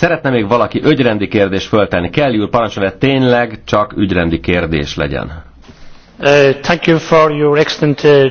Szeretne még valaki ügyrendi kérdés föltenni? Kell ül parancsolja, tényleg csak ügyrendi kérdés legyen. Uh, thank you for your excellent, uh...